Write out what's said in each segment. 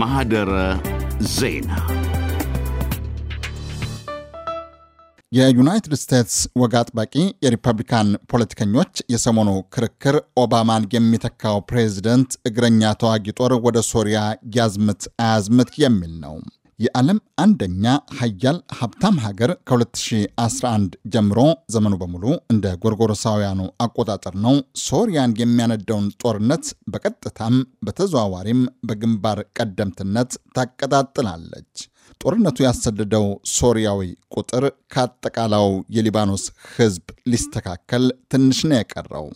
ማህደረ ዜና የዩናይትድ ስቴትስ ወግ አጥባቂ የሪፐብሊካን ፖለቲከኞች የሰሞኑ ክርክር ኦባማን የሚተካው ፕሬዝደንት እግረኛ ተዋጊ ጦር ወደ ሶሪያ ያዝምት አያዝምት የሚል ነው። የዓለም አንደኛ ሀያል ሀብታም ሀገር ከ2011 ጀምሮ ዘመኑ በሙሉ እንደ ጎርጎሮሳውያኑ አቆጣጠር ነው። ሶሪያን የሚያነደውን ጦርነት በቀጥታም በተዘዋዋሪም በግንባር ቀደምትነት ታቀጣጥላለች። ጦርነቱ ያሰደደው ሶሪያዊ ቁጥር ከአጠቃላው የሊባኖስ ሕዝብ ሊስተካከል ትንሽ ነው የቀረው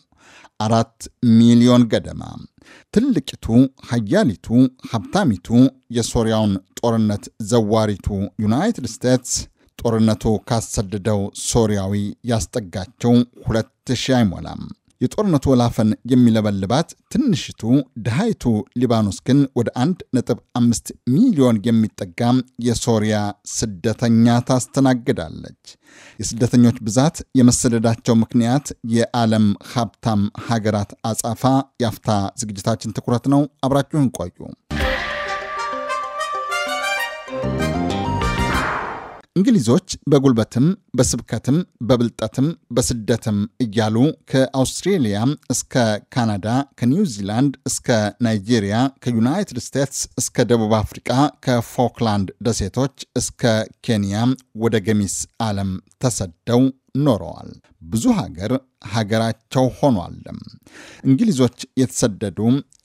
አራት ሚሊዮን ገደማ። ትልቂቱ ሀያሊቱ ሀብታሚቱ የሶሪያውን ጦርነት ዘዋሪቱ ዩናይትድ ስቴትስ ጦርነቱ ካሰደደው ሶሪያዊ ያስጠጋቸው ሁለት ሺህ አይሞላም። የጦርነቱ ወላፈን የሚለበልባት ትንሽቱ ድሃይቱ ሊባኖስ ግን ወደ አንድ ነጥብ አምስት ሚሊዮን የሚጠጋ የሶሪያ ስደተኛ ታስተናግዳለች። የስደተኞች ብዛት፣ የመሰደዳቸው ምክንያት፣ የዓለም ሀብታም ሀገራት አጻፋ የአፍታ ዝግጅታችን ትኩረት ነው። አብራችሁን ቆዩ። እንግሊዞች በጉልበትም በስብከትም በብልጠትም በስደትም እያሉ ከአውስትሬሊያ እስከ ካናዳ ከኒውዚላንድ እስከ ናይጄሪያ ከዩናይትድ ስቴትስ እስከ ደቡብ አፍሪቃ ከፎክላንድ ደሴቶች እስከ ኬንያ ወደ ገሚስ ዓለም ተሰደው ኖረዋል። ብዙ ሀገር ሀገራቸው ሆኗለም። እንግሊዞች የተሰደዱ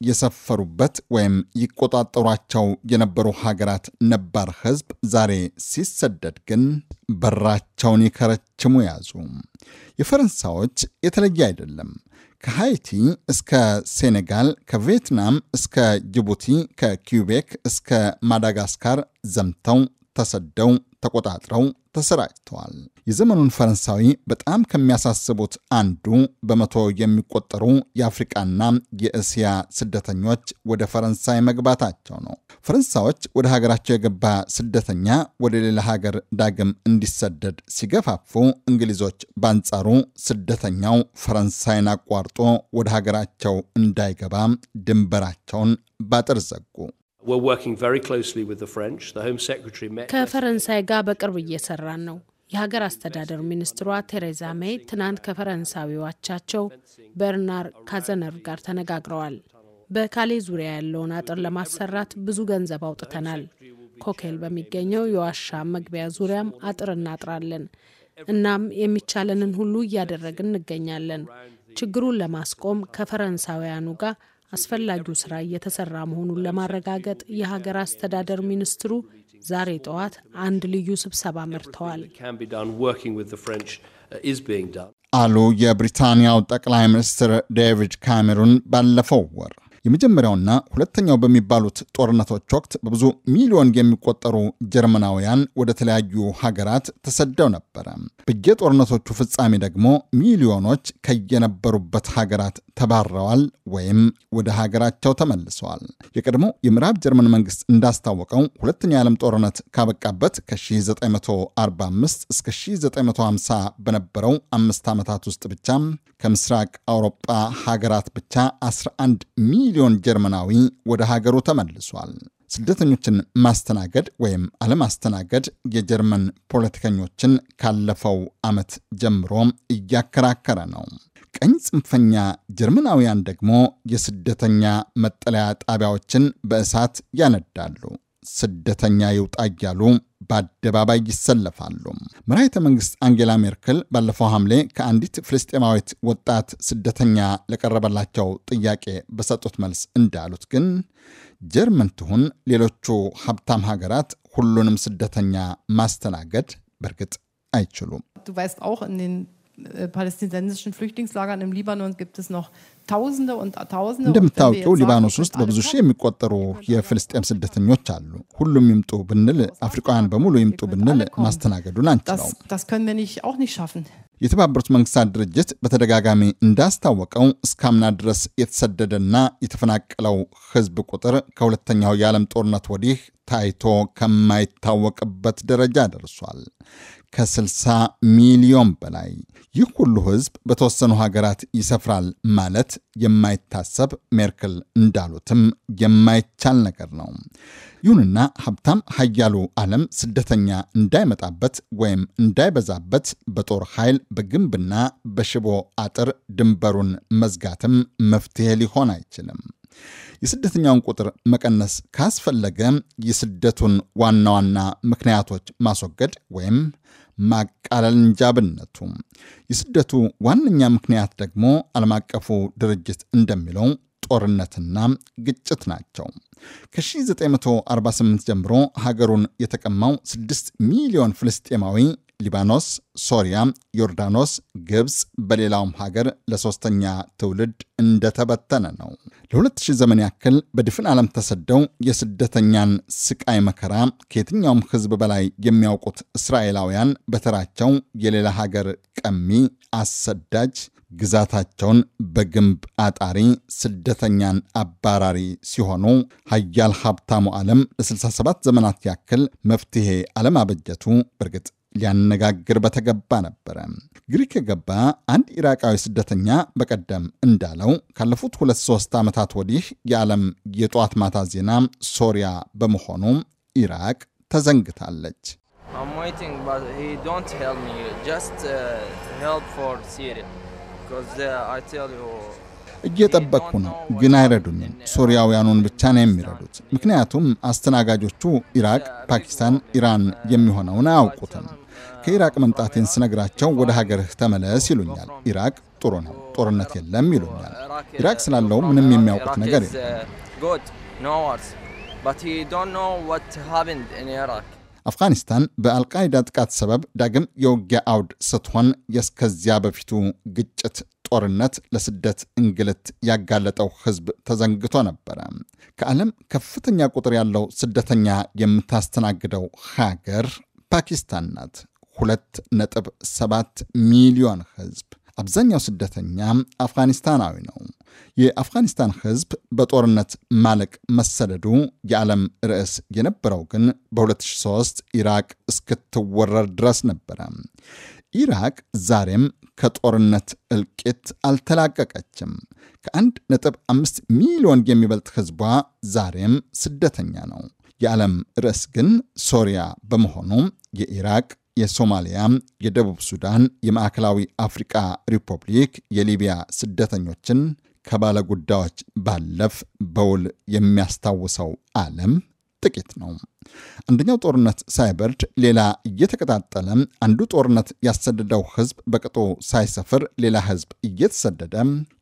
የሰፈሩበት ወይም ይቆጣጠሯቸው የነበሩ ሀገራት ነባር ሕዝብ ዛሬ ሲሰደድ ግን በራቸውን ይከረችሙ ያዙ። የፈረንሳዮች የተለየ አይደለም። ከሃይቲ እስከ ሴኔጋል፣ ከቪየትናም እስከ ጅቡቲ፣ ከኪውቤክ እስከ ማዳጋስካር ዘምተው ተሰደው ተቆጣጥረው ተሰራጭተዋል። የዘመኑን ፈረንሳዊ በጣም ከሚያሳስቡት አንዱ በመቶ የሚቆጠሩ የአፍሪቃና የእስያ ስደተኞች ወደ ፈረንሳይ መግባታቸው ነው። ፈረንሳዮች ወደ ሀገራቸው የገባ ስደተኛ ወደ ሌላ ሀገር ዳግም እንዲሰደድ ሲገፋፉ፣ እንግሊዞች በአንጻሩ ስደተኛው ፈረንሳይን አቋርጦ ወደ ሀገራቸው እንዳይገባ ድንበራቸውን ባጥር ዘጉ። ከፈረንሳይ ጋር በቅርብ እየሰራን ነው። የሀገር አስተዳደር ሚኒስትሯ ቴሬዛ ሜይ ትናንት ከፈረንሳዊዋቻቸው በርናር ካዘነር ጋር ተነጋግረዋል። በካሌ ዙሪያ ያለውን አጥር ለማሰራት ብዙ ገንዘብ አውጥተናል። ኮኬል በሚገኘው የዋሻ መግቢያ ዙሪያም አጥር እናጥራለን። እናም የሚቻለንን ሁሉ እያደረግን እንገኛለን። ችግሩን ለማስቆም ከፈረንሳውያኑ ጋር አስፈላጊው ስራ እየተሰራ መሆኑን ለማረጋገጥ የሀገር አስተዳደር ሚኒስትሩ ዛሬ ጠዋት አንድ ልዩ ስብሰባ መርተዋል አሉ የብሪታንያው ጠቅላይ ሚኒስትር ዴቪድ ካሜሩን ባለፈው ወር የመጀመሪያውና ሁለተኛው በሚባሉት ጦርነቶች ወቅት በብዙ ሚሊዮን የሚቆጠሩ ጀርመናውያን ወደ ተለያዩ ሀገራት ተሰደው ነበረ። በየጦርነቶቹ ፍጻሜ ደግሞ ሚሊዮኖች ከየነበሩበት ሀገራት ተባረዋል ወይም ወደ ሀገራቸው ተመልሰዋል። የቀድሞ የምዕራብ ጀርመን መንግስት እንዳስታወቀው ሁለተኛው የዓለም ጦርነት ካበቃበት ከ1945 እስከ 1950 በነበረው አምስት ዓመታት ውስጥ ብቻ ከምስራቅ አውሮጳ ሀገራት ብቻ 11 ሚሊዮን ጀርመናዊ ወደ ሀገሩ ተመልሷል። ስደተኞችን ማስተናገድ ወይም አለማስተናገድ የጀርመን ፖለቲከኞችን ካለፈው ዓመት ጀምሮ እያከራከረ ነው። ቀኝ ጽንፈኛ ጀርመናውያን ደግሞ የስደተኛ መጠለያ ጣቢያዎችን በእሳት ያነዳሉ። ስደተኛ ይውጣ እያሉ በአደባባይ ይሰለፋሉ። መራሒተ መንግስት አንጌላ ሜርክል ባለፈው ሐምሌ ከአንዲት ፍልስጤማዊት ወጣት ስደተኛ ለቀረበላቸው ጥያቄ በሰጡት መልስ እንዳሉት ግን ጀርመን ትሁን ሌሎቹ ሀብታም ሀገራት ሁሉንም ስደተኛ ማስተናገድ በእርግጥ አይችሉም። Äh, palästinensischen Flüchtlingslagern im Libanon gibt es noch ታውዝንደ እንደምታወቀው ሊባኖስ ውስጥ በብዙ ሺህ የሚቆጠሩ የፍልስጤም ስደተኞች አሉ። ሁሉም ይምጡ ብንል፣ አፍሪካውያን በሙሉ ይምጡ ብንል ማስተናገዱን አንችለውም። የተባበሩት መንግስታት ድርጅት በተደጋጋሚ እንዳስታወቀው እስካምና ድረስ የተሰደደና የተፈናቀለው ህዝብ ቁጥር ከሁለተኛው የዓለም ጦርነት ወዲህ ታይቶ ከማይታወቅበት ደረጃ ደርሷል። ከ60 ሚሊዮን በላይ ይህ ሁሉ ህዝብ በተወሰኑ ሀገራት ይሰፍራል ማለት የማይታሰብ ሜርክል እንዳሉትም የማይቻል ነገር ነው። ይሁንና ሀብታም ሀያሉ ዓለም ስደተኛ እንዳይመጣበት ወይም እንዳይበዛበት በጦር ኃይል በግንብና በሽቦ አጥር ድንበሩን መዝጋትም መፍትሄ ሊሆን አይችልም። የስደተኛውን ቁጥር መቀነስ ካስፈለገ የስደቱን ዋና ዋና ምክንያቶች ማስወገድ ወይም ማቃለል የስደቱ ዋነኛ ምክንያት ደግሞ ዓለም አቀፉ ድርጅት እንደሚለው ጦርነትና ግጭት ናቸው። ከ1948 ጀምሮ ሀገሩን የተቀማው 6 ሚሊዮን ፍልስጤማዊ ሊባኖስ፣ ሶሪያ፣ ዮርዳኖስ፣ ግብፅ በሌላውም ሀገር ለሶስተኛ ትውልድ እንደተበተነ ነው። ለሁለት ሺህ ዘመን ያክል በድፍን ዓለም ተሰደው የስደተኛን ስቃይ መከራ ከየትኛውም ሕዝብ በላይ የሚያውቁት እስራኤላውያን በተራቸው የሌላ ሀገር ቀሚ፣ አሰዳጅ ግዛታቸውን በግንብ አጣሪ ስደተኛን አባራሪ ሲሆኑ ሀያል ሀብታሙ ዓለም ለ67 ዘመናት ያክል መፍትሄ አለማበጀቱ በእርግጥ ሊያነጋግር በተገባ ነበረ። ግሪክ የገባ አንድ ኢራቃዊ ስደተኛ በቀደም እንዳለው ካለፉት ሁለት ሶስት ዓመታት ወዲህ የዓለም የጧት ማታ ዜና ሶሪያ በመሆኑ ኢራቅ ተዘንግታለች። እየጠበቅኩ ነው፣ ግን አይረዱኝም። ሶሪያውያኑን ብቻ ነው የሚረዱት። ምክንያቱም አስተናጋጆቹ ኢራቅ፣ ፓኪስታን፣ ኢራን የሚሆነውን አያውቁትም። ከኢራቅ መምጣቴን ስነግራቸው ወደ ሀገርህ ተመለስ ይሉኛል። ኢራቅ ጥሩ ነው፣ ጦርነት የለም ይሉኛል። ኢራቅ ስላለው ምንም የሚያውቁት ነገር የለም። አፍጋኒስታን በአልቃይዳ ጥቃት ሰበብ ዳግም የውጊያ አውድ ስትሆን የእስከዚያ በፊቱ ግጭት ጦርነት ለስደት እንግልት ያጋለጠው ህዝብ ተዘንግቶ ነበረ። ከዓለም ከፍተኛ ቁጥር ያለው ስደተኛ የምታስተናግደው ሀገር ፓኪስታን ናት። 2.7 ሚሊዮን ህዝብ አብዛኛው ስደተኛ አፍጋኒስታናዊ ነው። የአፍጋኒስታን ህዝብ በጦርነት ማለቅ መሰደዱ የዓለም ርዕስ የነበረው ግን በ2003 ኢራቅ እስክትወረር ድረስ ነበረ። ኢራቅ ዛሬም ከጦርነት እልቂት አልተላቀቀችም ከአንድ ነጥብ አምስት ሚሊዮን የሚበልጥ ህዝቧ ዛሬም ስደተኛ ነው። የዓለም ርዕስ ግን ሶሪያ በመሆኑ የኢራቅ የሶማሊያ፣ የደቡብ ሱዳን፣ የማዕከላዊ አፍሪቃ ሪፑብሊክ፣ የሊቢያ ስደተኞችን ከባለጉዳዮች ባለፍ በውል የሚያስታውሰው ዓለም ጥቂት ነው። አንደኛው ጦርነት ሳይበርድ ሌላ እየተቀጣጠለ፣ አንዱ ጦርነት ያሰደደው ህዝብ በቅጡ ሳይሰፍር ሌላ ህዝብ እየተሰደደ፣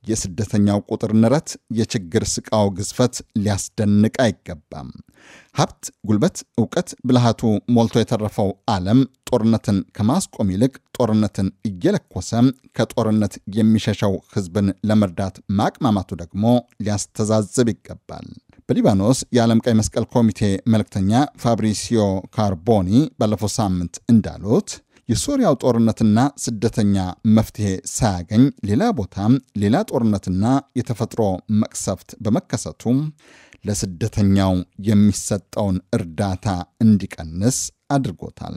የስደተኛው ቁጥር ንረት፣ የችግር ስቃው ግዝፈት ሊያስደንቅ አይገባም። ሀብት፣ ጉልበት፣ እውቀት፣ ብልሃቱ ሞልቶ የተረፈው ዓለም ጦርነትን ከማስቆም ይልቅ ጦርነትን እየለኮሰ ከጦርነት የሚሸሸው ህዝብን ለመርዳት ማቅማማቱ ደግሞ ሊያስተዛዝብ ይገባል። በሊባኖስ የዓለም ቀይ መስቀል ኮሚቴ መልእክተኛ ፋብሪሲዮ ካርቦኒ ባለፈው ሳምንት እንዳሉት የሶሪያው ጦርነትና ስደተኛ መፍትሄ ሳያገኝ ሌላ ቦታም ሌላ ጦርነትና የተፈጥሮ መቅሰፍት በመከሰቱ ለስደተኛው የሚሰጠውን እርዳታ እንዲቀንስ አድርጎታል።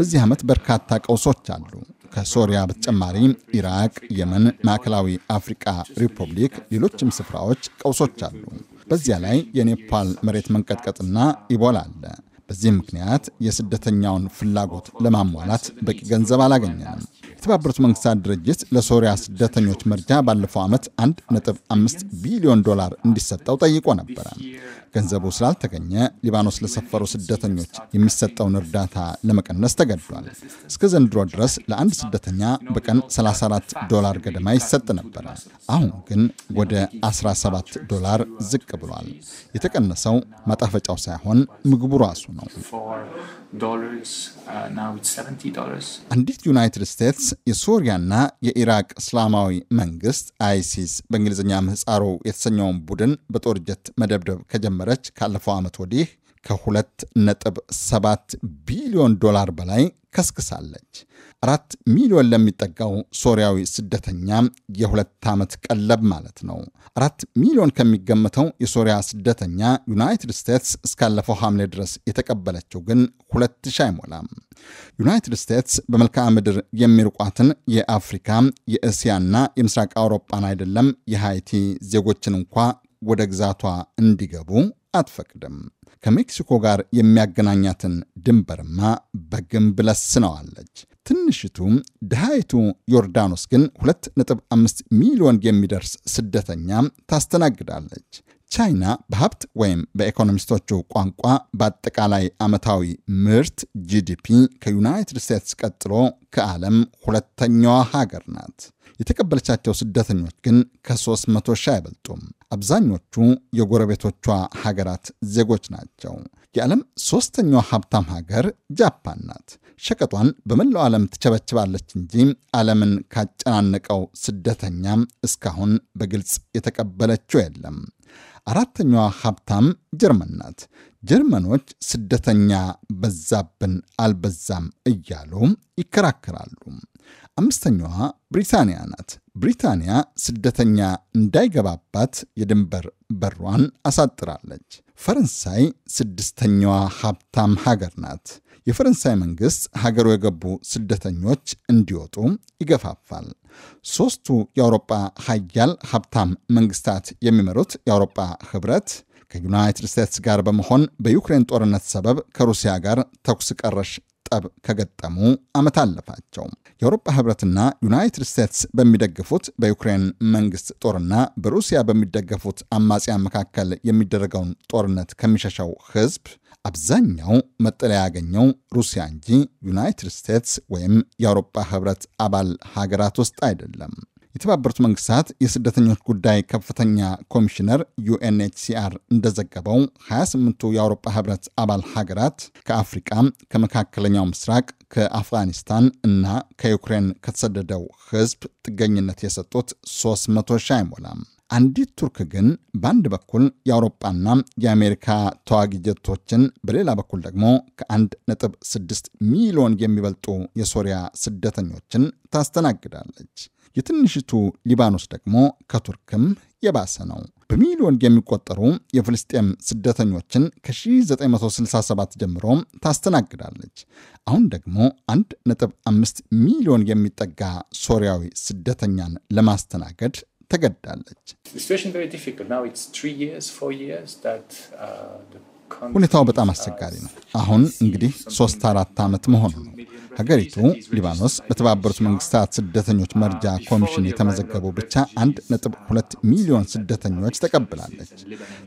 በዚህ ዓመት በርካታ ቀውሶች አሉ። ከሶሪያ በተጨማሪም ኢራቅ፣ የመን፣ ማዕከላዊ አፍሪቃ ሪፑብሊክ፣ ሌሎችም ስፍራዎች ቀውሶች አሉ። በዚያ ላይ የኔፓል መሬት መንቀጥቀጥና ኢቦላ አለ። በዚህም ምክንያት የስደተኛውን ፍላጎት ለማሟላት በቂ ገንዘብ አላገኘንም። የተባበሩት መንግስታት ድርጅት ለሶሪያ ስደተኞች መርጃ ባለፈው ዓመት 1.5 ቢሊዮን ዶላር እንዲሰጠው ጠይቆ ነበረ። ገንዘቡ ስላልተገኘ ሊባኖስ ለሰፈሩ ስደተኞች የሚሰጠውን እርዳታ ለመቀነስ ተገዷል። እስከ ዘንድሮ ድረስ ለአንድ ስደተኛ በቀን 34 ዶላር ገደማ ይሰጥ ነበረ። አሁን ግን ወደ 17 ዶላር ዝቅ ብሏል። የተቀነሰው ማጣፈጫው ሳይሆን ምግቡ ራሱ ነው። አንዲት ዩናይትድ ስቴትስ የሶሪያና የኢራቅ እስላማዊ መንግስት አይሲስ በእንግሊዝኛ ምህፃሩ የተሰኘውን ቡድን በጦር ጀት መደብደብ ከጀመረች ካለፈው ዓመት ወዲህ ከ2.7 ቢሊዮን ዶላር በላይ ከስክሳለች። አራት ሚሊዮን ለሚጠጋው ሶሪያዊ ስደተኛ የሁለት ዓመት ቀለብ ማለት ነው። አራት ሚሊዮን ከሚገመተው የሶሪያ ስደተኛ ዩናይትድ ስቴትስ እስካለፈው ሐምሌ ድረስ የተቀበለችው ግን ሁለት ሺህ አይሞላም። ዩናይትድ ስቴትስ በመልክዓ ምድር የሚርቋትን የአፍሪካ የእስያና የምስራቅ አውሮፓን አይደለም የሃይቲ ዜጎችን እንኳ ወደ ግዛቷ እንዲገቡ አትፈቅድም። ከሜክሲኮ ጋር የሚያገናኛትን ድንበርማ በግንብ ለስነዋለች። ትንሽቱ ድሃይቱ ዮርዳኖስ ግን 2.5 ሚሊዮን የሚደርስ ስደተኛ ታስተናግዳለች። ቻይና በሀብት ወይም በኢኮኖሚስቶቹ ቋንቋ በአጠቃላይ ዓመታዊ ምርት ጂዲፒ ከዩናይትድ ስቴትስ ቀጥሎ ከዓለም ሁለተኛዋ ሀገር ናት። የተቀበለቻቸው ስደተኞች ግን ከ300 ሺህ አይበልጡም። አብዛኞቹ የጎረቤቶቿ ሀገራት ዜጎች ናቸው። የዓለም ሦስተኛው ሀብታም ሀገር ጃፓን ናት። ሸቀጧን በመላው ዓለም ትቸበችባለች እንጂ ዓለምን ካጨናነቀው ስደተኛ እስካሁን በግልጽ የተቀበለችው የለም። አራተኛዋ ሀብታም ጀርመን ናት። ጀርመኖች ስደተኛ በዛብን አልበዛም እያሉ ይከራከራሉ። አምስተኛዋ ብሪታንያ ናት። ብሪታንያ ስደተኛ እንዳይገባባት የድንበር በሯን አሳጥራለች። ፈረንሳይ ስድስተኛዋ ሀብታም ሀገር ናት። የፈረንሳይ መንግሥት ሀገሩ የገቡ ስደተኞች እንዲወጡ ይገፋፋል። ሦስቱ የአውሮጳ ሀያል ሀብታም መንግስታት የሚመሩት የአውሮጳ ኅብረት ከዩናይትድ ስቴትስ ጋር በመሆን በዩክሬን ጦርነት ሰበብ ከሩሲያ ጋር ተኩስ ቀረሽ ጠብ ከገጠሙ ዓመት አለፋቸው። የአውሮፓ ህብረትና ዩናይትድ ስቴትስ በሚደግፉት በዩክሬን መንግስት ጦርና በሩሲያ በሚደገፉት አማጽያን መካከል የሚደረገውን ጦርነት ከሚሸሸው ህዝብ አብዛኛው መጠለያ ያገኘው ሩሲያ እንጂ ዩናይትድ ስቴትስ ወይም የአውሮፓ ህብረት አባል ሀገራት ውስጥ አይደለም። የተባበሩት መንግስታት የስደተኞች ጉዳይ ከፍተኛ ኮሚሽነር ዩኤንኤችሲአር እንደዘገበው 28ቱ የአውሮፓ ህብረት አባል ሀገራት ከአፍሪቃ፣ ከመካከለኛው ምስራቅ፣ ከአፍጋኒስታን እና ከዩክሬን ከተሰደደው ህዝብ ጥገኝነት የሰጡት 300 ሺህ አይሞላም። አንዲት ቱርክ ግን በአንድ በኩል የአውሮፓና የአሜሪካ ተዋጊ ጀቶችን በሌላ በኩል ደግሞ ከ1.6 ሚሊዮን የሚበልጡ የሶሪያ ስደተኞችን ታስተናግዳለች። የትንሽቱ ሊባኖስ ደግሞ ከቱርክም የባሰ ነው። በሚሊዮን የሚቆጠሩ የፍልስጤም ስደተኞችን ከ1967 ጀምሮ ታስተናግዳለች። አሁን ደግሞ 1.5 ሚሊዮን የሚጠጋ ሶሪያዊ ስደተኛን ለማስተናገድ ተገድዳለች። uh, ሁኔታው በጣም አስቸጋሪ ነው። አሁን እንግዲህ ሶስት አራት ዓመት መሆኑ ነው። ሀገሪቱ ሊባኖስ በተባበሩት መንግስታት ስደተኞች መርጃ ኮሚሽን የተመዘገቡ ብቻ 1.2 ሚሊዮን ስደተኞች ተቀብላለች።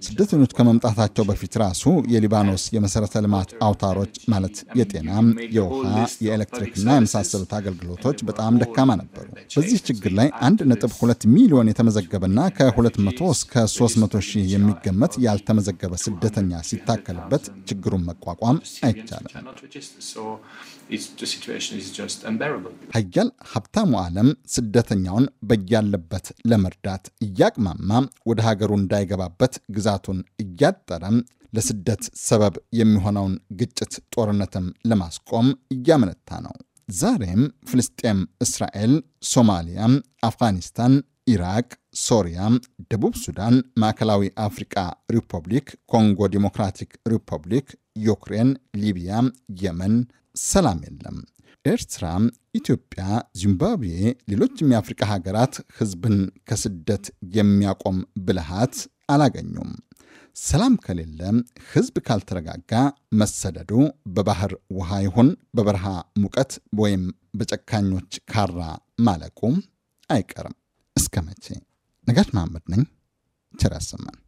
ስደተኞች ከመምጣታቸው በፊት ራሱ የሊባኖስ የመሠረተ ልማት አውታሮች ማለት የጤና፣ የውሃ፣ የኤሌክትሪክና የመሳሰሉት አገልግሎቶች በጣም ደካማ ነበሩ። በዚህ ችግር ላይ 1.2 ሚሊዮን የተመዘገበና ከ200 እስከ 300 ሺህ የሚገመት ያልተመዘገበ ስደተኛ ሲታከልበት ችግሩን መቋቋም አይቻልም። ሀያል ሀብታሙ ዓለም ስደተኛውን በያለበት ለመርዳት እያቅማማ ወደ ሀገሩ እንዳይገባበት ግዛቱን እያጠረም ለስደት ሰበብ የሚሆነውን ግጭት ጦርነትም ለማስቆም እያመነታ ነው። ዛሬም ፍልስጤም፣ እስራኤል፣ ሶማሊያ፣ አፍጋኒስታን፣ ኢራቅ፣ ሶሪያ፣ ደቡብ ሱዳን፣ ማዕከላዊ አፍሪቃ ሪፐብሊክ፣ ኮንጎ ዲሞክራቲክ ሪፐብሊክ፣ ዩክሬን፣ ሊቢያ፣ የመን ሰላም የለም። ኤርትራ፣ ኢትዮጵያ፣ ዚምባብዌ፣ ሌሎችም የአፍሪካ ሀገራት ህዝብን ከስደት የሚያቆም ብልሃት አላገኙም። ሰላም ከሌለ ህዝብ ካልተረጋጋ መሰደዱ በባህር ውሃ ይሁን በበረሃ ሙቀት ወይም በጨካኞች ካራ ማለቁ አይቀርም። እስከ መቼ? ነጋሽ መሐመድ ነኝ። ቸር ያሰማን።